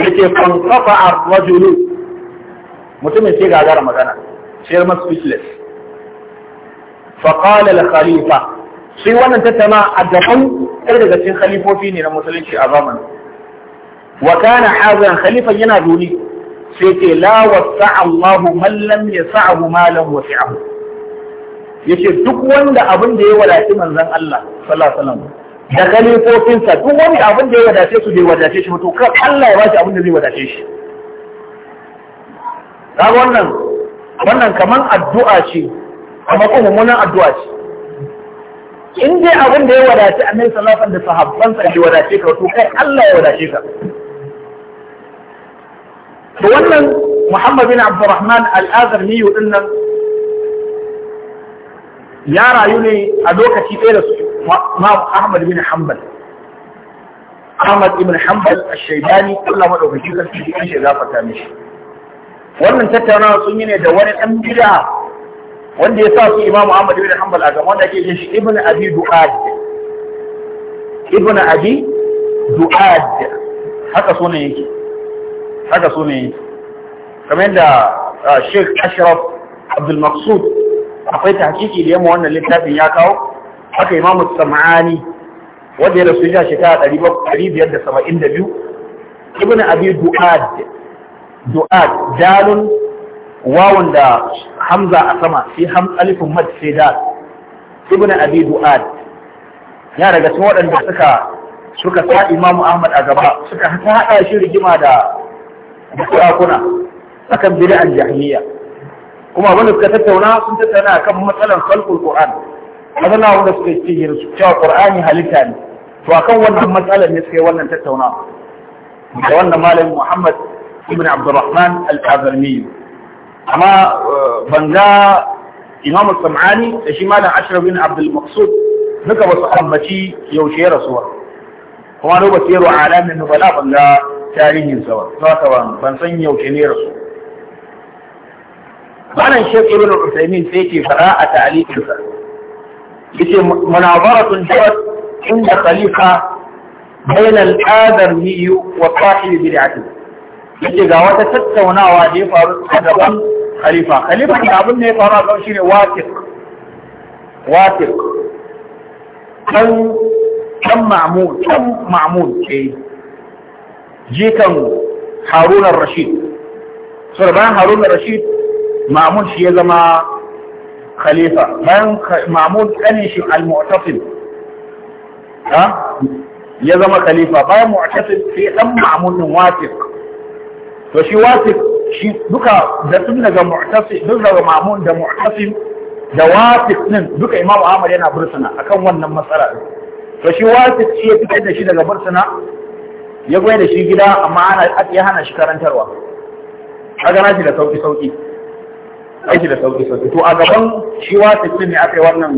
yake fankafa a rajulu mutumin sai gagara magana chairman mas speechless fa khalifa sai wannan tattama a daban ɗaya daga cikin khalifofi ne na musulunci a zaman. Wakana kana hazan khalifan yana duni sai ce la wasa'a Allahu man lam yasa'ahu malan wasi'ahu yace duk wanda abin da ya wadaci manzon Allah sallallahu alaihi wasallam da kalifofinsa duk wani abin da ya wadace su bai wadace shi mutu kan Allah ya ba shi abin da zai wadace shi kaga wannan wannan kaman addu'a ce amma kuma mummunan addu'a ce in dai abin da ya wadace annabi sallallahu alaihi wasallam da sahabbansa bai wadace ka to kai Allah ya wadace ka to wannan Muhammad bin Abdurrahman al-Azrmi din nan ya rayu ne a lokaci ɗaya da su Imam Ahmad bin Hanbal Ahmad ibn Hanbal al-Shaybani Allah madaukaki sarki shi an shiga fata mishi wannan tattaunawa sun yi ne da wani dan bid'a wanda ya sa su Imam Ahmad bin Hanbal a gaban wanda ake shi Ibn Abi Du'ad Ibn Abi Du'ad haka sunan yake haka sunan yake kamar yadda ah, Sheikh Ashraf Abdul maksud akwai tahqiqi da yamma wannan littafin ya kawo haka imamu sam'ani wanda ya rasu ya shekara biyu. ibn abi du'ad du'ad dalun wawun da hamza a sama sai ham alifin mad sai dal ibn abi du'ad ya daga cikin waɗanda suka suka sa imamu ahmad a gaba suka haɗa shi rigima da kurakuna akan bid'an jahiliya kuma abin suka tattauna sun tattauna akan matsalar khalqul qur'an wadannan abu da suka ce yin cewa qur'ani halitta ne to akan wannan matsalar ne suka yi wannan tattaunawa da wannan malamin muhammad ibn abdurrahman al-azarmi amma eh, banga imam sam'ani da shi malam ashraf bin abdul maqsud duka ba su ambaci yaushe rasuwa kuma da basu yaro alamin nubala banga tarihin sa ba ban san yaushe ne rasu malam shek ibn al-usaymin sai ke fara a ta'alikinsa yace munazaratun jarat inda khalifa bain al-adami wa sahib bid'ati yace ga wata tattaunawa da ya faru a gaban khalifa khalifa da abin da ya faru a gaban shine watiq watiq kan kan ma'mun kan ma'mun ce jikan harun ar-rashid so bayan harun ar-rashid ma'mun shi ya zama khalifa bayan mahmud kanin al-mu'tasim ya zama khalifa bayan mu'tasim sai dan mahmud din wasiq to shi wasiq shi duka da tun daga mu'tasim duk daga mahmud da mu'tasim da wasiq din duka imamu ahmad yana bursuna akan wannan matsala din to shi wasiq shi ya fitar da shi daga bursuna ya goya da shi gida amma ana ya hana shi karantarwa kaga na shi da sauki sauki aiki da sauki sauki to a gaban shi wasikin ne aka yi wannan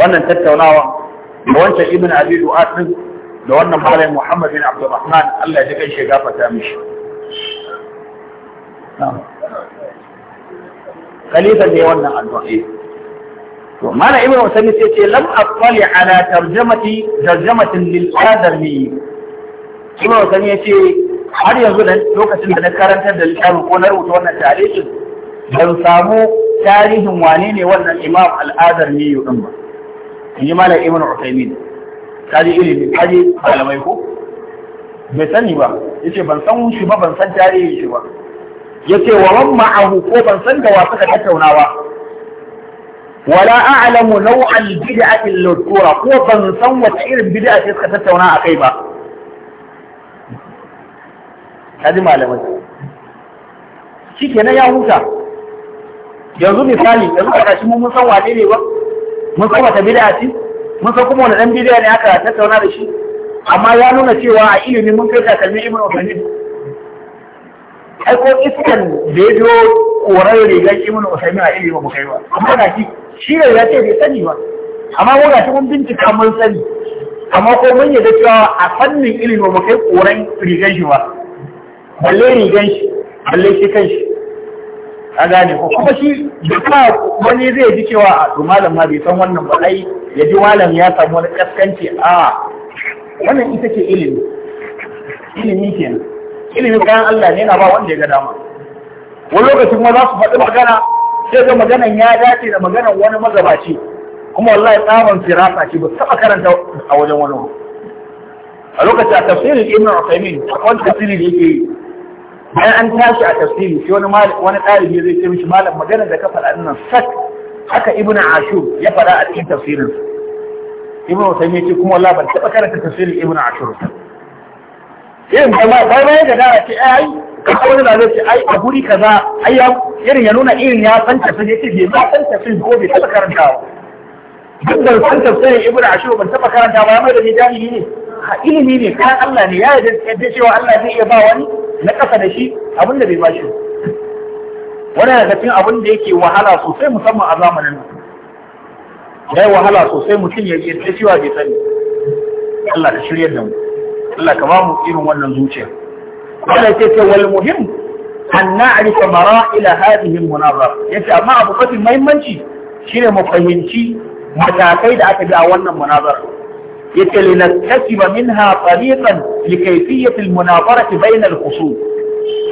wannan tattaunawa da wancan ibn abi du'at din da wannan malam Muhammad bin Abdurrahman Allah ya kai shi gafarta mishi khalifa ne wannan addu'a to malam ibn Usaymin sai ce lam aqali ala tarjamati tarjamatin lil adami ibn Usaymin yace har yanzu da lokacin da na karantar da littafin ko na rubuta wannan tarihin ban samu tarihin wane ne wannan imam al'adar ne yau ba in ji malam ibn usaimin kaji ilimi kaji malamai ko bai sani ba yace ban san shi ba ban san tarihin shi ba yace wa man ma'ahu ko ban san da wasu suka tattaunawa wala a'lamu naw'al bid'ati al-lura ko ban san wata irin bid'a ce suka tattauna akai ba kaji malamai na ya huta yanzu misali yanzu ka mu mun san wane ne ba mun san wata bid'a ce mun san kuma wani dan bid'a ne aka tattauna da shi amma ya nuna cewa a ilimi mun kai takalmin ibn Uthaymeen ai ko iskan da ya biyo korar rigar ibn Uthaymeen a ilimi mu kai ba amma ga shi shi ne ya ce bai sani ba amma mu ga mun bincika mun sani amma ko mun da cewa a fannin ilimi mu kai koran rigar shi ba balle rigar shi balle shi kan shi a gane ko kuma shi da ka wani zai ji cewa a malam ma bai san wannan ba ai ya ji malam ya samu wani kaskanci a wannan ita ce ilimi ilimi kenan ilimi kayan Allah ne na ba wanda ya ga dama wani lokacin ma za su faɗi magana sai ga maganan ya dace da maganan wani magabaci kuma wallahi tsaban firasa ce ba taɓa karanta a wajen wani a lokacin a tafsirin ibn a akwai tafsiri da yake yi bayan an tashi a tafsiri sai wani wani ɗalibi zai ce mishi malam magana da ka faɗa nan sak haka ibnu ashur ya faɗa a cikin tafsirin ibnu taymiya ce kuma wallahi ban taɓa karanta tafsirin ibnu ashur irin ba ba ba da dara ce ai ka wani da zai ce ai a guri kaza ai ya irin ya nuna irin ya san tafsirin ya ce bai ba san tafsirin ko bai taɓa karantawa duk da san tafsirin ibnu ashur ban taɓa karantawa ya mai da ni jami'i ne ilimi ne kan Allah ne ya yarda cewa Allah zai iya ba wani na ƙasa da shi abin da bai bashi wani daga cikin abin da yake wahala sosai musamman a zamanin nan ya wahala sosai mutum ya yi ta cewa bai sani Allah ka shirya da mu Allah ka ba mu irin wannan zuciya wanda ke ce wal muhim an na'rifa mara'ila hadhihi munazara yace amma abu mafi muhimmanci shine mu fahimci matakai da aka bi a wannan munazara yace linattasiba minha tariqan likayfiyat almunazarati bayna alkhusum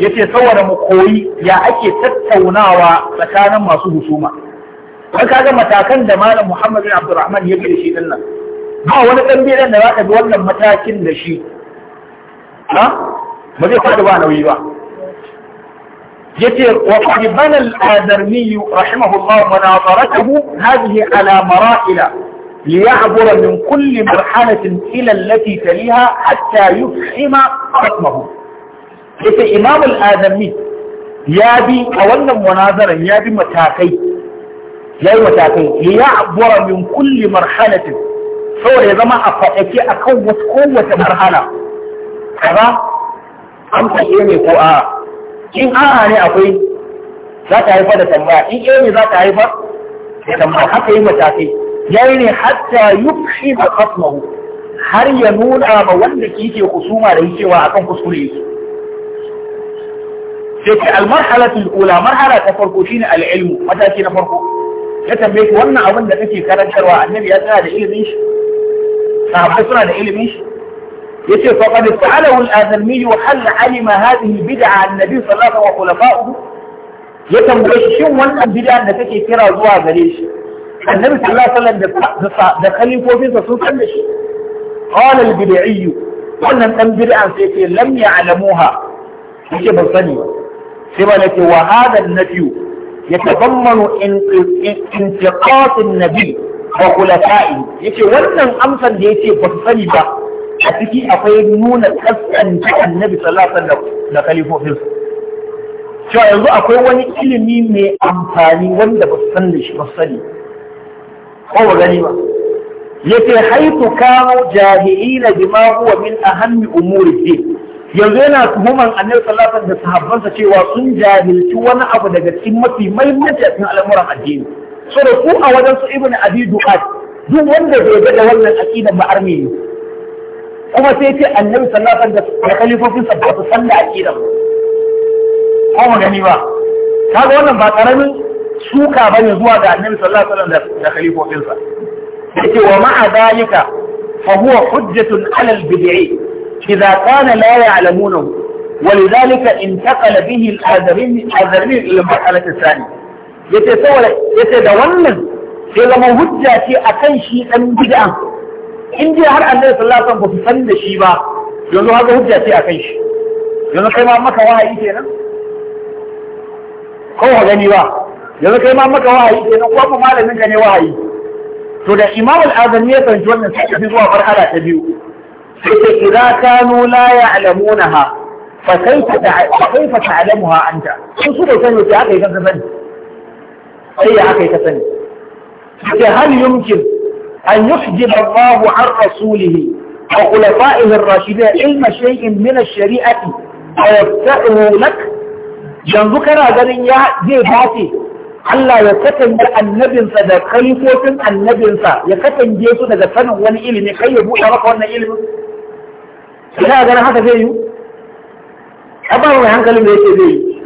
yace saboda mu koyi ya ake tattaunawa tsakanin masu husuma kan kaga matakan da malam Muhammad bin Abdurrahman ya bi da shi dinnan ba wani dan bidan da zaka bi wannan matakin da shi ha ba zai fada ba nauyi ba yace وقد بنى الآذرمي رحمه الله مناظرته هذه على مرائل ليعبر من كل مرحلة إلى التي تليها حتى يفهم حكمه إذا إمام الآدمي يابي أولا مناظرا يابي متاكي يابي متاكي ليعبر من كل مرحلة سوى يزمع أفأكي أكوت قوة مرحلة كذا أمسا إيمي قوآ إن آه أنا أقول ذات عيفة تنبع إن إيمي ذات عيفة تنبع حتى إيمي متاكي yayi ne hatta yukshi da khasmahu har ya nuna ma wanda kike kusuma da cewa akan kuskure yake sai ce almarhalatul ula marhala ta farko shine al-ilmu mataki na farko ya tambaye wannan abin da kake karantarwa annabi ya tsaya da ilimin shi sahabbai suna da ilimin shi يسير فقد فعله الآذمي وحل علم هذه البدعة عن النبي صلى الله عليه وسلم وخلفائه يتم بشي شو da بدعة kira zuwa gare shi. annabi sallallahu alaihi wasallam da khalifofinsa sun san da shi qala al-bid'i wannan dan bid'an sai ce lam ya'lamuha yake ban sani ba sai ba nake wa hada an-nafi yatabammanu intiqat an-nabi wa khulafa'i yace wannan amsan da yace ba sani ba a ciki akwai nuna kaskanta annabi sallallahu alaihi wasallam da khalifofinsa cewa yanzu akwai wani ilimi mai amfani wanda ba san da shi ba sani ko ba gani ba yace haitu kanu jahilina bima huwa min ahammi umuri din yanzu yana tuhuman annabi sallallahu alaihi da sahabbansa cewa sun jahilci wani abu daga cikin mafi muhimmanci a cikin al'amuran addini so da ku a wajen su ibnu abi du'at duk wanda bai ga wannan aqida ba arme ne kuma sai ce annabi sallallahu alaihi wasallam da kalifofin sa ba su san da aqida ba ko gani ba kaga wannan ba karamin suka bane zuwa ga annabi sallallahu alaihi wasallam da khalifofinsa wa ma'a dalika fa huwa hujjatun ala albid'i idza kana la ya'lamuna ولذلك انتقل به الاذرين الاذرين الى المرحله الثانيه يتساوى يتدا wannan sai zaman hujja ce akan shi dan bid'a in dai har Allah sallallahu alaihi wasallam san da shi ba yanzu haka hujja akan shi yanzu kai ma maka wahayi kenan ko ga ni ba yanzu kai ma maka wahayi kenan ko kuma malamin ka ne wahayi to da imam al-azami ya san wannan sai ka zuwa farhala ta biyu sai idza kanu la ya'lamunaha fa kaifa kaifa ta'lamuha anta su su bai sani sai aka yi kanka sani sai ya aka yi ka sani sai hal yumkin an yuhjib Allah an rasulih wa khulafa'ih ar-rashidin ilma shay'in min ash-shari'ati wa yaftahu lak yanzu kana ganin ya zai dace Allah ya katange annabinsa da kalifofin annabinsa ya katange su daga sanin wani ilimi kai ya buɗe maka wannan ilimin ina ganin haka zai yi abar mai hankalin da yake zai yi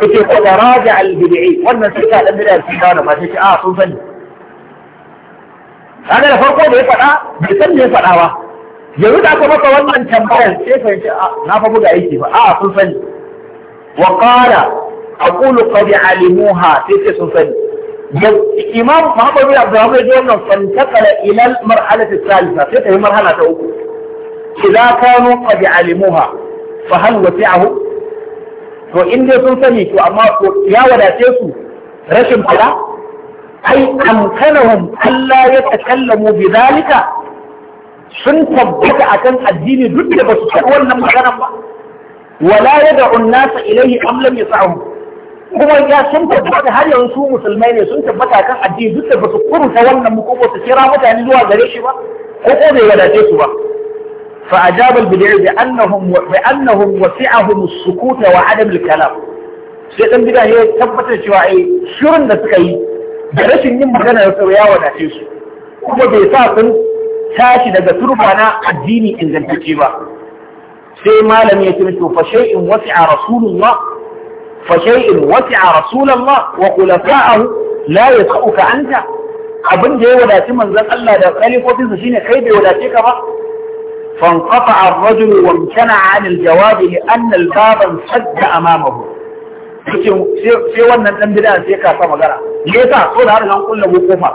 kake ko da raja al bid'i wannan sai ka dan bid'a sun gane ba sai a sun sani kaga da farko da ya faɗa bai san me ya faɗa ba yanzu da aka maka wannan tambayar sai a na fa buga aiki ba a sun sani wa qala aqulu qad alimuha sai ce sun sani imam muhammad bin abdurrahman ya ji wannan fantakala ila marhalati salisa sai ta yi marhala ta uku idza kanu qad alimuha fa hal wasi'ahu to in dai sun sani to amma ya wadace su rashin fada ai amkanahum alla yatakallamu bidhalika sun tabbata akan addini duk da basu san wannan maganar ba wala yad'u an-nasa ilayhi am lam yas'ahu kuma ya sun tabbata har yanzu musulmai ne sun tabbata kan addini duk da ba su kuruta wannan mu su kira mutane zuwa gare shi ba ko ko bai wadace su ba fa ajabal bid'a bi annahum bi annahum wasi'ahum as-sukut wa adam al-kalam sai dan bid'a ya tabbatar cewa ai shirin da suka yi da rashin yin magana da ya wadace su kuma bai sa sun tashi daga turbana na addini ingantacce ba sai malami ya kira to fa shay'in wasi'a rasulullah فشيء وسع رسول الله وخلفاءه لا يسعك أنت abin da ya wadaci manzon Allah da kalifofinsa shine kai bai wadace ka ba fanqata ar-rajulu wa imtana 'an al-jawab li anna al-baba sadda amamahu sai wannan dan bid'a sai ka sa magana me yasa so da har an kulla kofa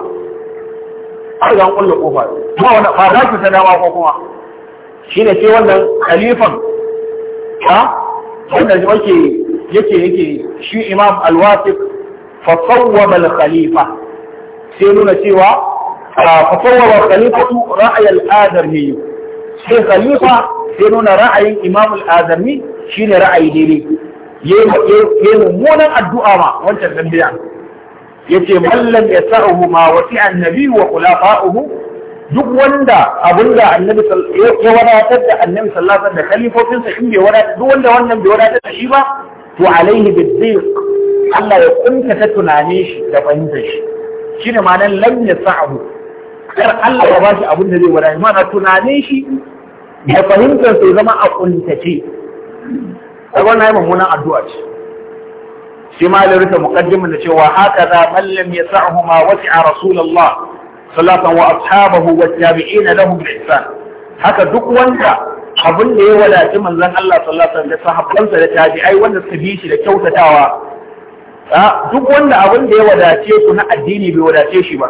har an kulla kofa ba wannan ba za ki sana ko kuma shine sai wannan khalifan ha wannan shi yake yake shi imam al-wasif fa sawwama al-khalifa sai nuna cewa fa sawwama ra'ay sai khalifa sai nuna ra'ayin imam al shine ra'ayi daidai yayi mummunan addu'a ma wancan dan biya yace mallam yasa'uhu ma wasi'a an wa khulafa'uhu duk wanda abin da annabi ya wadatar da annabi sallallahu alaihi wasallam da khalifofinsa in bai wadatar duk wanda wannan bai wadatar da shi ba to alaihi biddiq Allah ya kuntata tunanin shi da fahimtar shi shine ma'anar lam yasa'hu kar Allah ya bashi abin da zai wada ma'ana tunanin shi da fahimtar sai zama a kuntace a wannan mummunan addu'a ce shi ma da rufe muqaddimin da cewa haka za man lam yasa'hu ma wasi'a rasulullah sallallahu wa ashabahu wa tabi'ina lahum bi ihsan haka duk wanda abin da ya wadaci manzon Allah sallallahu alaihi wasallam da sahabbansa da tabi'ai wanda suka bi shi da kyautatawa duk wanda abin da ya wadace ku na addini bai wadace shi ba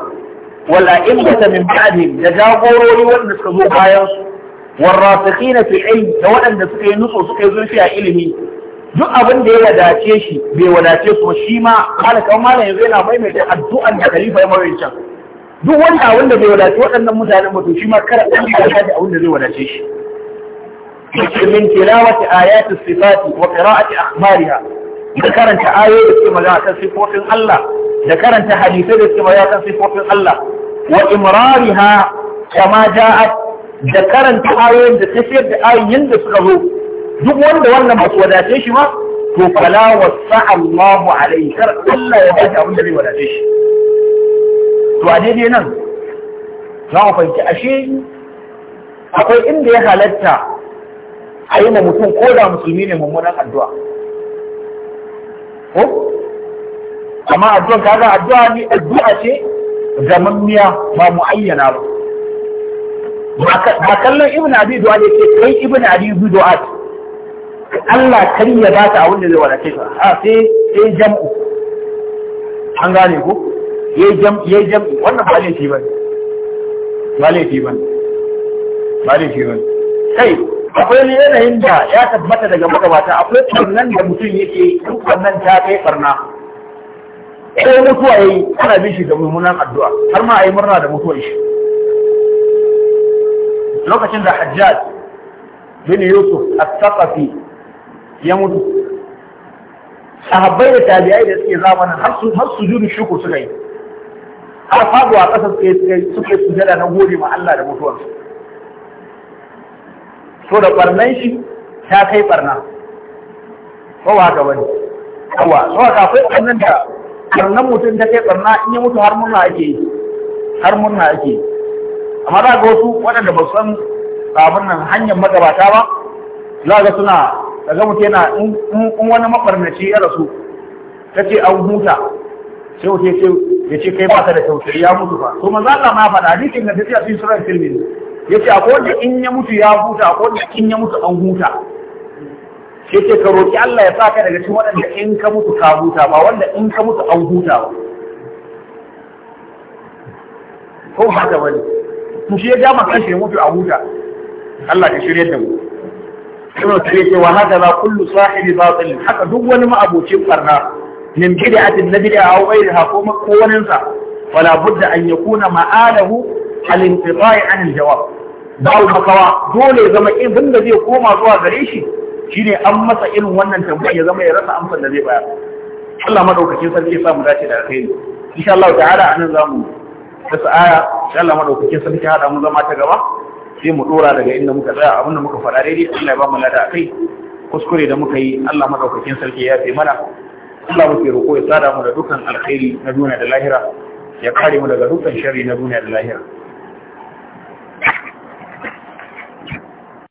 wala illata min ba'dihim da jagorori wanda suka zo bayan su warasikhina fi ilm da waɗanda suka yi nutso suka yi zurfi a ilimi duk abin da ya wadace shi bai wadace su shi ma kala kamar malam yanzu yana maimaita addu'an da khalifa ya mai can duk wanda abin da bai wadace waɗannan mutanen mutum shi ma kar a da abin da zai wadace shi من تلاوة آيات الصفات وقراءة أخبارها ذكرت آيات ملاك صفوف الله ذكرت حديثات ملاك صفوف الله وإمرارها كما جاءت ذكرت آيات تفيد آيين تسقطوا duk wanda wannan ba su wadace shi ba to fala wasa Allahu alaihi kar Allah ya baki abin da zai wadace shi to a nan za mu ashe akwai inda ya halatta a yi ma mutum ko da musulmi ne mummunan addu'a ko amma addu'a kaga addu'a ne addu'a ce zamanniya ba mu ayyana ba ba kallon ibn abi du'a ne ke kai ibn abi du'a Allah karya ya ba ta abin da zai wadace ka a sai sai jam'u an gane ku. yayi jam'u. yayi jam'i wannan ba laifi bane ba laifi bane ba laifi bane kai akwai yanayin da ya tabbata daga magabata akwai barnan da mutum yake duk wannan ta kai barna sai mutuwa yi ana bin shi da mummunan addu'a har ma a yi murna da mutuwar shi lokacin da Hajjaj bin Yusuf as-Saqafi ya mutu sahabbai da tabi'ai da suke zamanin har su har shukur suka yi har faduwa kasar suka yi suka yi sujada na gode ma Allah da mutuwarsa so da ɓarnan shi ta kai ɓarna ko ba ga wani yawa so a akwai ɓarnan da barnan mutum ta kai ɓarna, in ya mutu har murna ake yi har murna ake yi amma za ga wasu waɗanda ba san abin nan hanyar magabata ba za ga suna daga mutum yana in wani maɓarnaci ya rasu ta ce an huta sai wuce ya ce kai ba ta da kyautar ya mutu ba to maza Allah ma faɗa hadisin da ta ce a cikin surar ce akwai wanda in ya mutu ya huta akwai wanda in ya mutu an huta Ya ce ka roƙi Allah ya sa ka daga cikin waɗanda in ka mutu ka huta ba wanda in ka mutu an huta ba ko haka wani mu shi ya maka shi ya mutu a huta Allah ka shirye da mu
kuma ta ce wa hada
la kullu sahibi batil haka duk wani ma'abocin barna min bid'atin nabida aw ghayriha ko ko wani sa wala budda an yakuna ma'alahu al-inqita'i an al-jawab babu kawa dole zama ibin zai koma zuwa gare shi shine an masa irin wannan tambayar ya zama ya rasa amsar da zai baya. Allah madaukakin sarki ya samu dace da alkhairi insha Allah ta'ala anan zamu dasa aya insha Allah madaukakin sarki hada mu zama ta gaba sai mu ɗora daga inda muka tsaya da muka fara daidai Allah ya ba mu lada kai, kuskure da muka yi Allah madaukakin sarki ya yafe mana Allah muke roƙo ya tsada mu da dukkan alkhairi na duniya da lahira ya kare mu daga dukkan sharri na duniya da lahira